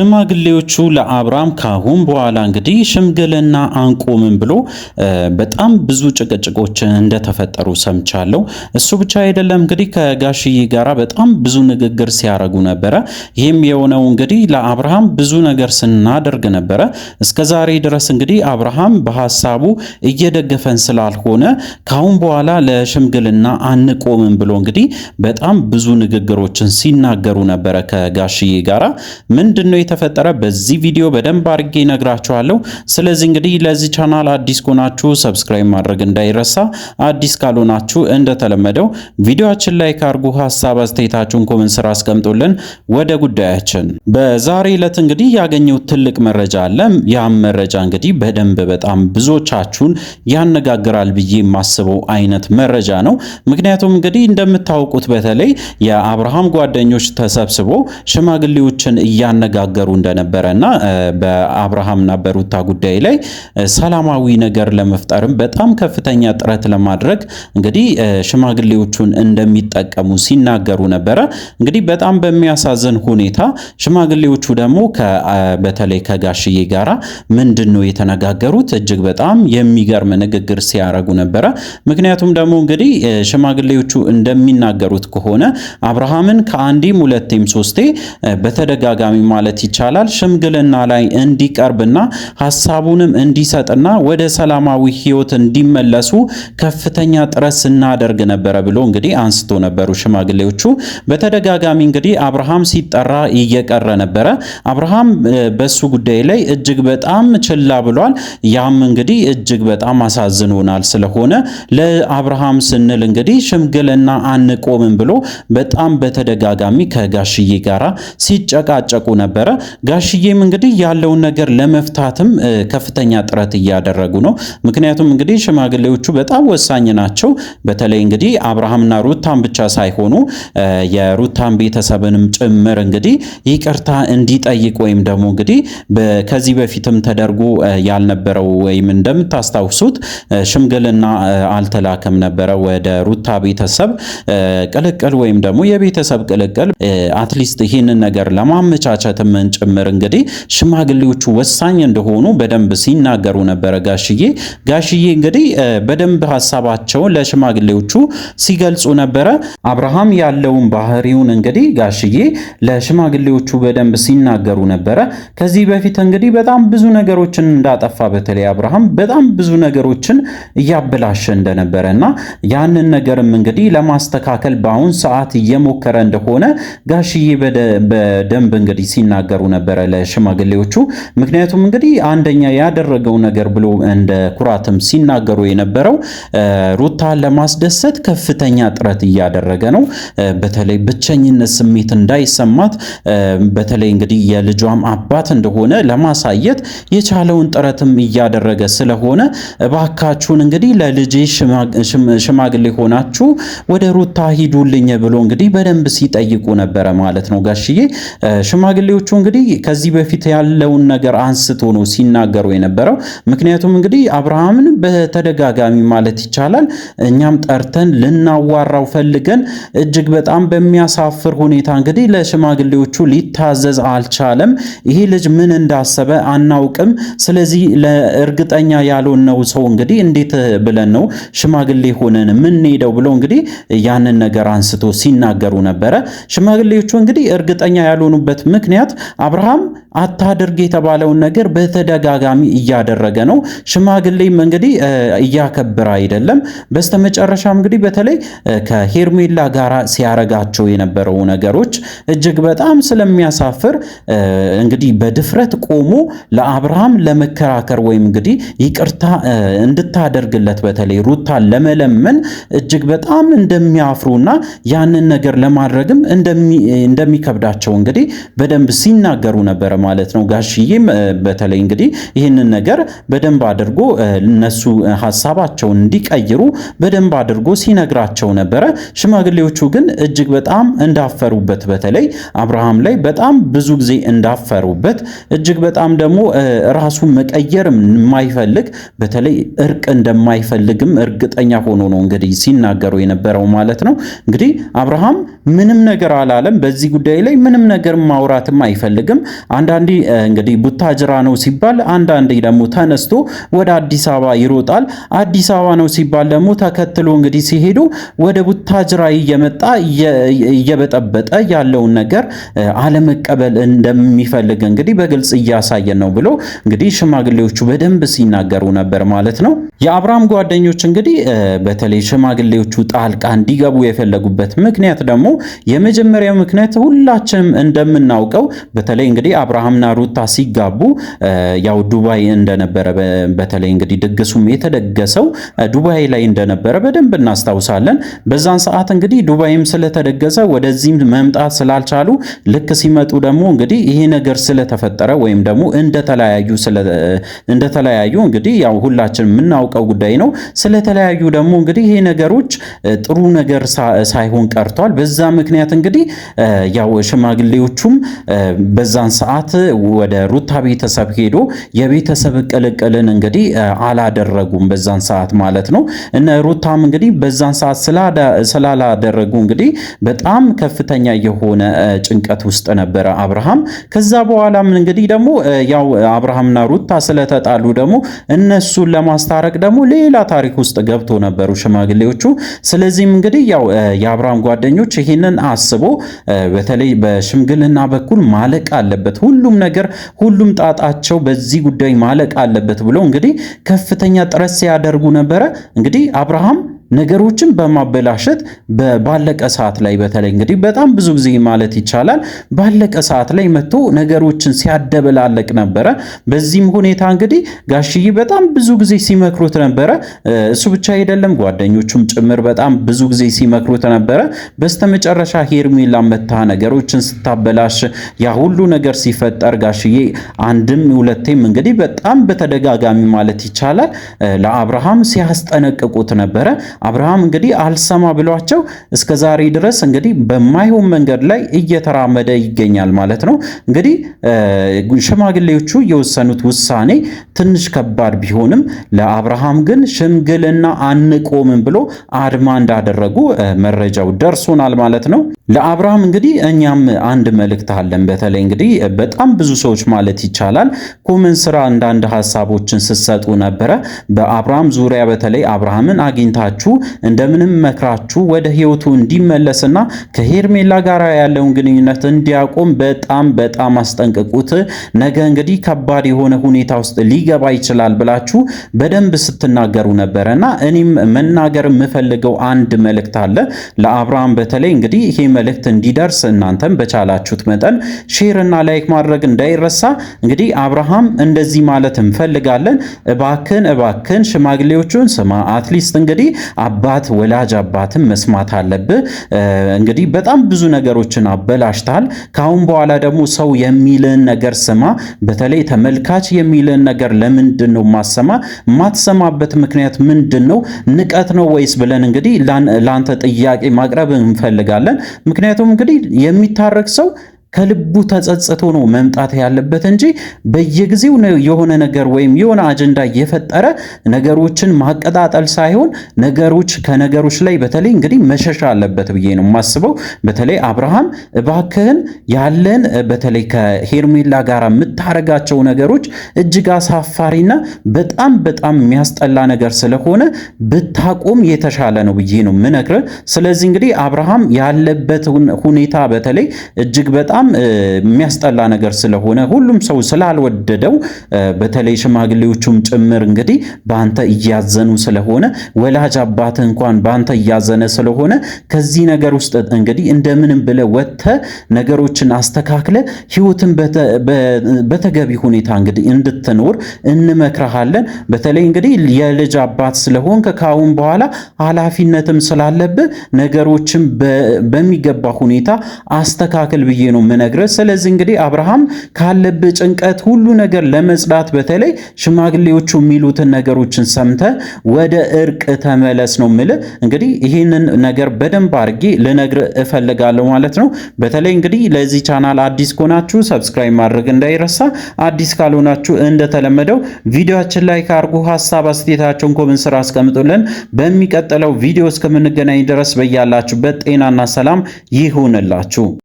ሽማግሌዎቹ ለአብርሃም ካሁን በኋላ እንግዲህ ሽምግልና አንቆምም ብሎ በጣም ብዙ ጭቅጭቆች እንደተፈጠሩ ሰምቻለሁ። እሱ ብቻ አይደለም እንግዲህ ከጋሽዬ ጋራ በጣም ብዙ ንግግር ሲያረጉ ነበረ። ይህም የሆነው እንግዲህ ለአብርሃም ብዙ ነገር ስናደርግ ነበረ እስከ ዛሬ ድረስ እንግዲህ አብርሃም በሀሳቡ እየደገፈን ስላልሆነ ካሁን በኋላ ለሽምግልና አንቆምም ብሎ እንግዲህ በጣም ብዙ ንግግሮችን ሲናገሩ ነበረ ከጋሽዬ ጋራ ምንድነው የተፈጠረ በዚህ ቪዲዮ በደንብ አድርጌ ነግራችኋለሁ። ስለዚህ እንግዲህ ለዚህ ቻናል አዲስ ከሆናችሁ ሰብስክራይብ ማድረግ እንዳይረሳ፣ አዲስ ካልሆናችሁ እንደተለመደው ቪዲዮአችን ላይ ካርጉ ሀሳብ አስተያየታችሁን ኮመንት ስራ አስቀምጡልን። ወደ ጉዳያችን በዛሬ ዕለት እንግዲህ ያገኘው ትልቅ መረጃ አለ። ያም መረጃ እንግዲህ በደንብ በጣም ብዙዎቻችሁን ያነጋግራል ብዬ የማስበው አይነት መረጃ ነው። ምክንያቱም እንግዲህ እንደምታውቁት በተለይ የአብርሃም ጓደኞች ተሰብስቦ ሽማግሌዎችን እያነጋገ ሲናገሩ እንደነበረ እና በአብርሃምና በሩታ ጉዳይ ላይ ሰላማዊ ነገር ለመፍጠርም በጣም ከፍተኛ ጥረት ለማድረግ እንግዲህ ሽማግሌዎቹን እንደሚጠቀሙ ሲናገሩ ነበረ። እንግዲህ በጣም በሚያሳዝን ሁኔታ ሽማግሌዎቹ ደግሞ በተለይ ከጋሽዬ ጋራ ምንድን ነው የተነጋገሩት? እጅግ በጣም የሚገርም ንግግር ሲያረጉ ነበረ። ምክንያቱም ደግሞ እንግዲህ ሽማግሌዎቹ እንደሚናገሩት ከሆነ አብርሃምን ከአንዴም ሁለቴም ሶስቴ በተደጋጋሚ ማለት ማለት ይቻላል ሽምግልና ላይ እንዲቀርብና ሀሳቡንም እንዲሰጥና ወደ ሰላማዊ ህይወት እንዲመለሱ ከፍተኛ ጥረት ስናደርግ ነበረ ብሎ እንግዲህ አንስቶ ነበሩ ሽማግሌዎቹ። በተደጋጋሚ እንግዲህ አብርሃም ሲጠራ እየቀረ ነበረ። አብርሃም በሱ ጉዳይ ላይ እጅግ በጣም ችላ ብሏል። ያም እንግዲህ እጅግ በጣም አሳዝኖናል። ስለሆነ ለአብርሃም ስንል እንግዲህ ሽምግልና አንቆምም ብሎ በጣም በተደጋጋሚ ከጋሽዬ ጋራ ሲጨቃጨቁ ነበረ። ነበረ። ጋሽዬም እንግዲህ ያለውን ነገር ለመፍታትም ከፍተኛ ጥረት እያደረጉ ነው። ምክንያቱም እንግዲህ ሽማግሌዎቹ በጣም ወሳኝ ናቸው። በተለይ እንግዲህ አብርሃምና ሩታን ብቻ ሳይሆኑ የሩታን ቤተሰብንም ጭምር እንግዲህ ይቅርታ እንዲጠይቅ ወይም ደግሞ እንግዲህ ከዚህ በፊትም ተደርጎ ያልነበረው ወይም እንደምታስታውሱት ሽምግልና አልተላከም ነበረ ወደ ሩታ ቤተሰብ ቅልቅል ወይም ደግሞ የቤተሰብ ቅልቅል አትሊስት ይህንን ነገር ለማመቻቸትም ዘመን ጭምር እንግዲህ ሽማግሌዎቹ ወሳኝ እንደሆኑ በደንብ ሲናገሩ ነበረ። ጋሽዬ ጋሽዬ እንግዲህ በደንብ ሀሳባቸውን ለሽማግሌዎቹ ሲገልጹ ነበረ። አብርሃም ያለውን ባህሪውን እንግዲህ ጋሽዬ ለሽማግሌዎቹ በደንብ ሲናገሩ ነበረ። ከዚህ በፊት እንግዲህ በጣም ብዙ ነገሮችን እንዳጠፋ በተለይ አብርሃም በጣም ብዙ ነገሮችን እያበላሸ እንደነበረ እና ያንን ነገርም እንግዲህ ለማስተካከል በአሁን ሰዓት እየሞከረ እንደሆነ ጋሽዬ በደንብ እንግዲህ ሲናገሩ ሲናገሩ ነበረ ለሽማግሌዎቹ። ምክንያቱም እንግዲህ አንደኛ ያደረገው ነገር ብሎ እንደ ኩራትም ሲናገሩ የነበረው ሩታን ለማስደሰት ከፍተኛ ጥረት እያደረገ ነው። በተለይ ብቸኝነት ስሜት እንዳይሰማት በተለይ እንግዲህ የልጇም አባት እንደሆነ ለማሳየት የቻለውን ጥረትም እያደረገ ስለሆነ እባካችሁን እንግዲህ ለልጄ ሽማግሌ ሆናችሁ ወደ ሩታ ሂዱልኝ ብሎ እንግዲህ በደንብ ሲጠይቁ ነበረ ማለት ነው ጋሽዬ። ሽማግሌዎቹ እንግዲህ ከዚህ በፊት ያለውን ነገር አንስቶ ነው ሲናገሩ የነበረው። ምክንያቱም እንግዲህ አብርሃምን በተደጋጋሚ ማለት ይቻላል እኛም ጠርተን ልናዋራው ፈልገን እጅግ በጣም በሚያሳፍር ሁኔታ እንግዲህ ለሽማግሌዎቹ ሊታዘዝ አልቻለም። ይሄ ልጅ ምን እንዳሰበ አናውቅም። ስለዚህ ለእርግጠኛ ያልሆነው ሰው እንግዲህ እንዴት ብለን ነው ሽማግሌ ሆነን የምንሄደው ብለው እንግዲህ ያንን ነገር አንስቶ ሲናገሩ ነበረ። ሽማግሌዎቹ እንግዲህ እርግጠኛ ያልሆኑበት ምክንያት አብርሃም አታድርግ የተባለውን ነገር በተደጋጋሚ እያደረገ ነው። ሽማግሌም እንግዲህ እያከበረ አይደለም። በስተመጨረሻም እንግዲህ በተለይ ከሄርሜላ ጋር ሲያረጋቸው የነበረው ነገሮች እጅግ በጣም ስለሚያሳፍር እንግዲህ በድፍረት ቆሞ ለአብርሃም ለመከራከር ወይም እንግዲህ ይቅርታ እንድታደርግለት በተለይ ሩታን ለመለመን እጅግ በጣም እንደሚያፍሩና ያንን ነገር ለማድረግም እንደሚከብዳቸው እንግዲህ በደንብ ሲናገሩ ነበረ። ማለት ነው። ጋሽዬም በተለይ እንግዲህ ይህንን ነገር በደንብ አድርጎ እነሱ ሀሳባቸውን እንዲቀይሩ በደንብ አድርጎ ሲነግራቸው ነበረ። ሽማግሌዎቹ ግን እጅግ በጣም እንዳፈሩበት በተለይ አብርሃም ላይ በጣም ብዙ ጊዜ እንዳፈሩበት እጅግ በጣም ደግሞ ራሱ መቀየር የማይፈልግ በተለይ እርቅ እንደማይፈልግም እርግጠኛ ሆኖ ነው እንግዲህ ሲናገሩ የነበረው ማለት ነው። እንግዲህ አብርሃም ምንም ነገር አላለም። በዚህ ጉዳይ ላይ ምንም ነገር ማውራትም አይፈልግም። አንዳ አንዳንዴ እንግዲህ ቡታጅራ ነው ሲባል፣ አንዳንዴ ደግሞ ተነስቶ ወደ አዲስ አበባ ይሮጣል። አዲስ አበባ ነው ሲባል ደግሞ ተከትሎ እንግዲህ ሲሄዱ ወደ ቡታጅራ እየመጣ እየበጠበጠ ያለውን ነገር አለመቀበል እንደሚፈልግ እንግዲህ በግልጽ እያሳየን ነው ብሎ እንግዲህ ሽማግሌዎቹ በደንብ ሲናገሩ ነበር ማለት ነው። የአብርሃም ጓደኞች እንግዲህ በተለይ ሽማግሌዎቹ ጣልቃ እንዲገቡ የፈለጉበት ምክንያት ደግሞ የመጀመሪያው ምክንያት ሁላችንም እንደምናውቀው በተለይ እንግዲህ አብርሃምና ሩታ ሲጋቡ ያው ዱባይ እንደነበረ በተለይ እንግዲህ ድግሱም የተደገሰው ዱባይ ላይ እንደነበረ በደንብ እናስታውሳለን። በዛን ሰዓት እንግዲህ ዱባይም ስለተደገሰ ወደዚህም መምጣት ስላልቻሉ ልክ ሲመጡ ደግሞ እንግዲህ ይሄ ነገር ስለተፈጠረ ወይም ደግሞ እንደተለያዩ እንደተለያዩ እንግዲህ ያው ሁላችን የምናውቀው ጉዳይ ነው። ስለተለያዩ ደግሞ እንግዲህ ይሄ ነገሮች ጥሩ ነገር ሳይሆን ቀርቷል። በዛ ምክንያት እንግዲህ ያው ሽማግሌዎቹም በዛን ሰዓት ህፃናት ወደ ሩታ ቤተሰብ ሄዶ የቤተሰብ ቅልቅልን እንግዲህ አላደረጉም በዛን ሰዓት ማለት ነው። እነ ሩታም እንግዲህ በዛን ሰዓት ስላላደረጉ እንግዲህ በጣም ከፍተኛ የሆነ ጭንቀት ውስጥ ነበረ አብርሃም። ከዛ በኋላም እንግዲህ ደግሞ ያው አብርሃምና ሩታ ስለተጣሉ ደግሞ እነሱን ለማስታረቅ ደግሞ ሌላ ታሪክ ውስጥ ገብቶ ነበሩ ሽማግሌዎቹ። ስለዚህም እንግዲህ ያው የአብርሃም ጓደኞች ይህንን አስቦ በተለይ በሽምግልና በኩል ማለቅ አለበት ሁሉ ሁሉም ነገር ሁሉም ጣጣቸው በዚህ ጉዳይ ማለቅ አለበት ብሎ እንግዲህ ከፍተኛ ጥረት ሲያደርጉ ነበረ። እንግዲህ አብርሃም ነገሮችን በማበላሸት ባለቀ ሰዓት ላይ በተለይ እንግዲህ በጣም ብዙ ጊዜ ማለት ይቻላል ባለቀ ሰዓት ላይ መጥቶ ነገሮችን ሲያደበላለቅ ነበረ። በዚህም ሁኔታ እንግዲህ ጋሽዬ በጣም ብዙ ጊዜ ሲመክሩት ነበረ። እሱ ብቻ አይደለም፣ ጓደኞቹም ጭምር በጣም ብዙ ጊዜ ሲመክሩት ነበረ። በስተመጨረሻ ሄርሜላ መታ ነገሮችን ስታበላሽ ያ ሁሉ ነገር ሲፈጠር ጋሽዬ አንድም ሁለቴም እንግዲህ በጣም በተደጋጋሚ ማለት ይቻላል ለአብርሃም ሲያስጠነቅቁት ነበረ። አብርሃም እንግዲህ አልሰማ ብሏቸው እስከ ዛሬ ድረስ እንግዲህ በማይሆን መንገድ ላይ እየተራመደ ይገኛል ማለት ነው። እንግዲህ ሽማግሌዎቹ የወሰኑት ውሳኔ ትንሽ ከባድ ቢሆንም ለአብርሃም ግን ሽምግልና አንቆምም ብሎ አድማ እንዳደረጉ መረጃው ደርሶናል ማለት ነው። ለአብርሃም እንግዲህ እኛም አንድ መልእክት አለን። በተለይ እንግዲህ በጣም ብዙ ሰዎች ማለት ይቻላል ኮመን ስራ አንዳንድ ሀሳቦችን ስትሰጡ ነበረ። በአብርሃም ዙሪያ በተለይ አብርሃምን አግኝታችሁ አድርጋችሁ እንደምንም መክራችሁ ወደ ህይወቱ እንዲመለስና ከሄርሜላ ጋር ያለውን ግንኙነት እንዲያቆም በጣም በጣም አስጠንቅቁት። ነገ እንግዲህ ከባድ የሆነ ሁኔታ ውስጥ ሊገባ ይችላል ብላችሁ በደንብ ስትናገሩ ነበረ እና እኔም መናገር የምፈልገው አንድ መልእክት አለ ለአብርሃም በተለይ እንግዲህ ይሄ መልእክት እንዲደርስ እናንተም በቻላችሁት መጠን ሼር እና ላይክ ማድረግ እንዳይረሳ። እንግዲህ አብርሃም እንደዚህ ማለት እንፈልጋለን፣ እባክን እባክን ሽማግሌዎቹን ስማ። አትሊስት እንግዲህ አባት ወላጅ አባትም መስማት አለብህ። እንግዲህ በጣም ብዙ ነገሮችን አበላሽታል። ካሁን በኋላ ደግሞ ሰው የሚልን ነገር ስማ። በተለይ ተመልካች የሚልን ነገር ለምንድን ነው ማሰማ? ማትሰማበት ምክንያት ምንድን ነው? ንቀት ነው ወይስ ብለን እንግዲህ ለአንተ ጥያቄ ማቅረብ እንፈልጋለን። ምክንያቱም እንግዲህ የሚታረቅ ሰው ከልቡ ተጸጽቶ ነው መምጣት ያለበት እንጂ በየጊዜው የሆነ ነገር ወይም የሆነ አጀንዳ እየፈጠረ ነገሮችን ማቀጣጠል ሳይሆን ነገሮች ከነገሮች ላይ በተለይ እንግዲህ መሸሻ አለበት ብዬ ነው የማስበው። በተለይ አብርሃም እባክህን ያለን በተለይ ከሄርሜላ ጋር የምታረጋቸው ነገሮች እጅግ አሳፋሪና በጣም በጣም የሚያስጠላ ነገር ስለሆነ ብታቆም የተሻለ ነው ብዬ ነው ምነግር። ስለዚህ እንግዲህ አብርሃም ያለበት ሁኔታ በተለይ እጅግ በጣም በጣም የሚያስጠላ ነገር ስለሆነ ሁሉም ሰው ስላልወደደው በተለይ ሽማግሌዎቹም ጭምር እንግዲህ በአንተ እያዘኑ ስለሆነ ወላጅ አባት እንኳን በአንተ እያዘነ ስለሆነ ከዚህ ነገር ውስጥ እንግዲህ እንደምንም ብለ ወጥተ ነገሮችን አስተካክለ ህይወትን በተገቢ ሁኔታ እንግዲህ እንድትኖር እንመክረሃለን። በተለይ እንግዲህ የልጅ አባት ስለሆንክ ከአሁን በኋላ ኃላፊነትም ስላለብህ ነገሮችን በሚገባ ሁኔታ አስተካክል ብዬ ነው የምነግርህ። ስለዚህ እንግዲህ አብርሃም ካለብህ ጭንቀት ሁሉ ነገር ለመጽዳት በተለይ ሽማግሌዎቹ የሚሉትን ነገሮችን ሰምተ ወደ እርቅ ተመለስ ነው የምልህ። እንግዲህ ይህንን ነገር በደንብ አድርጌ ልነግርህ እፈልጋለሁ ማለት ነው። በተለይ እንግዲህ ለዚህ ቻናል አዲስ ከሆናችሁ ሰብስክራይብ ማድረግ እንዳይረሳ፣ አዲስ ካልሆናችሁ እንደተለመደው ቪዲዮችን ላይ ካርጉ ሀሳብ አስተያየታችሁን ኮሜንት ስራ አስቀምጡልን። በሚቀጥለው ቪዲዮ እስከምንገናኝ ድረስ በያላችሁበት ጤናና ሰላም ይሁንላችሁ።